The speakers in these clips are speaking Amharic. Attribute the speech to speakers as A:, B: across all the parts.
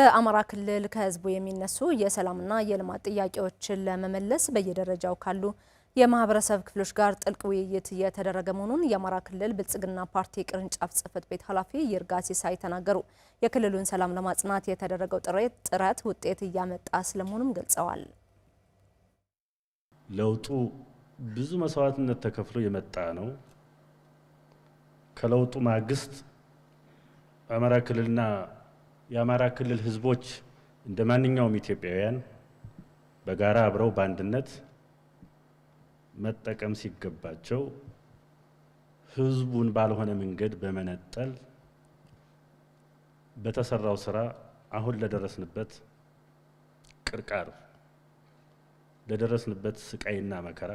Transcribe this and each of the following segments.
A: በአማራ ክልል ከህዝቡ የሚነሱ የሰላምና የልማት ጥያቄዎችን ለመመለስ በየደረጃው ካሉ የማህበረሰብ ክፍሎች ጋር ጥልቅ ውይይት እየተደረገ መሆኑን የአማራ ክልል ብልጽግና ፓርቲ ቅርንጫፍ ጽህፈት ቤት ኃላፊ ይርጋ ሲሳይ ተናገሩ። የክልሉን ሰላም ለማጽናት የተደረገው ጥረት ውጤት እያመጣ ስለመሆኑም ገልጸዋል።
B: ለውጡ ብዙ መስዋዕትነት ተከፍሎ የመጣ ነው። ከለውጡ ማግስት በአማራ ክልልና የአማራ ክልል ህዝቦች እንደ ማንኛውም ኢትዮጵያውያን በጋራ አብረው በአንድነት መጠቀም ሲገባቸው ህዝቡን ባልሆነ መንገድ በመነጠል በተሰራው ስራ አሁን ለደረስንበት ቅርቃር ለደረስንበት ስቃይና መከራ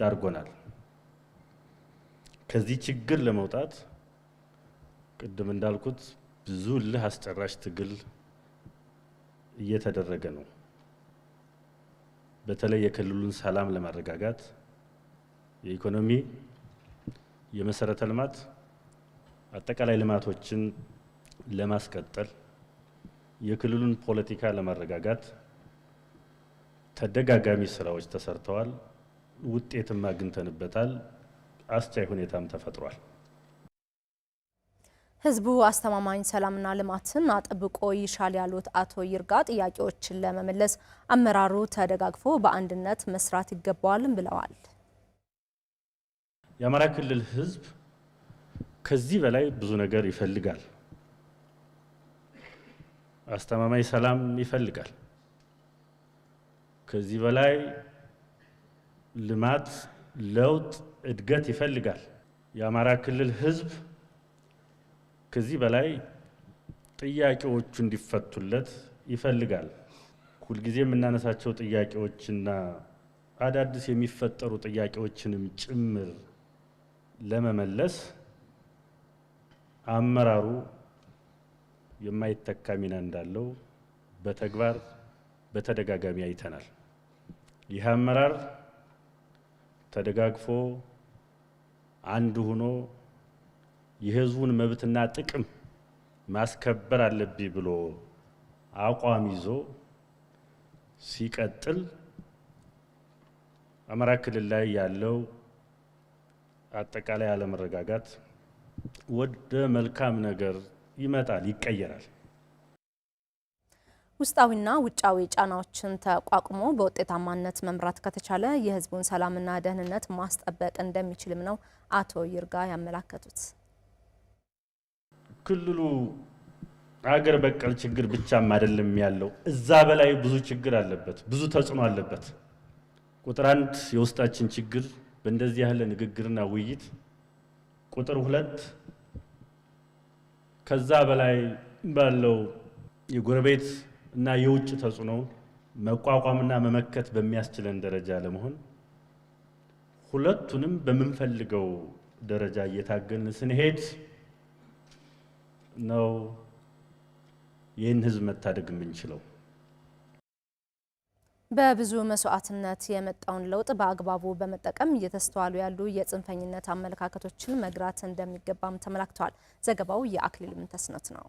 B: ዳርጎናል። ከዚህ ችግር ለመውጣት ቅድም እንዳልኩት ብዙ ልህ አስጨራሽ ትግል እየተደረገ ነው። በተለይ የክልሉን ሰላም ለማረጋጋት የኢኮኖሚ፣ የመሰረተ ልማት፣ አጠቃላይ ልማቶችን ለማስቀጠል የክልሉን ፖለቲካ ለማረጋጋት ተደጋጋሚ ስራዎች ተሰርተዋል። ውጤትም አግኝተንበታል። አስቻይ ሁኔታም ተፈጥሯል።
A: ህዝቡ አስተማማኝ ሰላምና ልማትን አጥብቆ ይሻል ያሉት አቶ ይርጋ ጥያቄዎችን ለመመለስ አመራሩ ተደጋግፎ በአንድነት መስራት ይገባዋልም ብለዋል።
B: የአማራ ክልል ህዝብ ከዚህ በላይ ብዙ ነገር ይፈልጋል። አስተማማኝ ሰላም ይፈልጋል። ከዚህ በላይ ልማት፣ ለውጥ፣ እድገት ይፈልጋል። የአማራ ክልል ህዝብ ከዚህ በላይ ጥያቄዎቹ እንዲፈቱለት ይፈልጋል። ሁልጊዜ የምናነሳቸው ጥያቄዎችና አዳዲስ የሚፈጠሩ ጥያቄዎችንም ጭምር ለመመለስ አመራሩ የማይተካ ሚና እንዳለው በተግባር በተደጋጋሚ አይተናል። ይህ አመራር ተደጋግፎ አንድ ሆኖ የህዝቡን መብትና ጥቅም ማስከበር አለብኝ ብሎ አቋም ይዞ ሲቀጥል አማራ ክልል ላይ ያለው አጠቃላይ አለመረጋጋት ወደ መልካም ነገር ይመጣል፣ ይቀየራል።
A: ውስጣዊና ውጫዊ ጫናዎችን ተቋቁሞ በውጤታማነት መምራት ከተቻለ የህዝቡን ሰላምና ደህንነት ማስጠበቅ እንደሚችልም ነው አቶ ይርጋ ያመላከቱት።
B: ክልሉ አገር በቀል ችግር ብቻም አይደለም ያለው፣ እዛ በላይ ብዙ ችግር አለበት፣ ብዙ ተጽዕኖ አለበት። ቁጥር አንድ የውስጣችን ችግር በእንደዚህ ያለ ንግግርና ውይይት፣ ቁጥር ሁለት ከዛ በላይ ባለው የጎረቤት እና የውጭ ተጽዕኖ መቋቋምና መመከት በሚያስችለን ደረጃ ለመሆን ሁለቱንም በምንፈልገው ደረጃ እየታገልን ስንሄድ ነው ይህን ህዝብ መታደግ የምንችለው።
A: በብዙ መስዋዕትነት የመጣውን ለውጥ በአግባቡ በመጠቀም እየተስተዋሉ ያሉ የጽንፈኝነት አመለካከቶችን መግራት እንደሚገባም ተመላክተዋል። ዘገባው የአክሊል ምንተስነት ነው።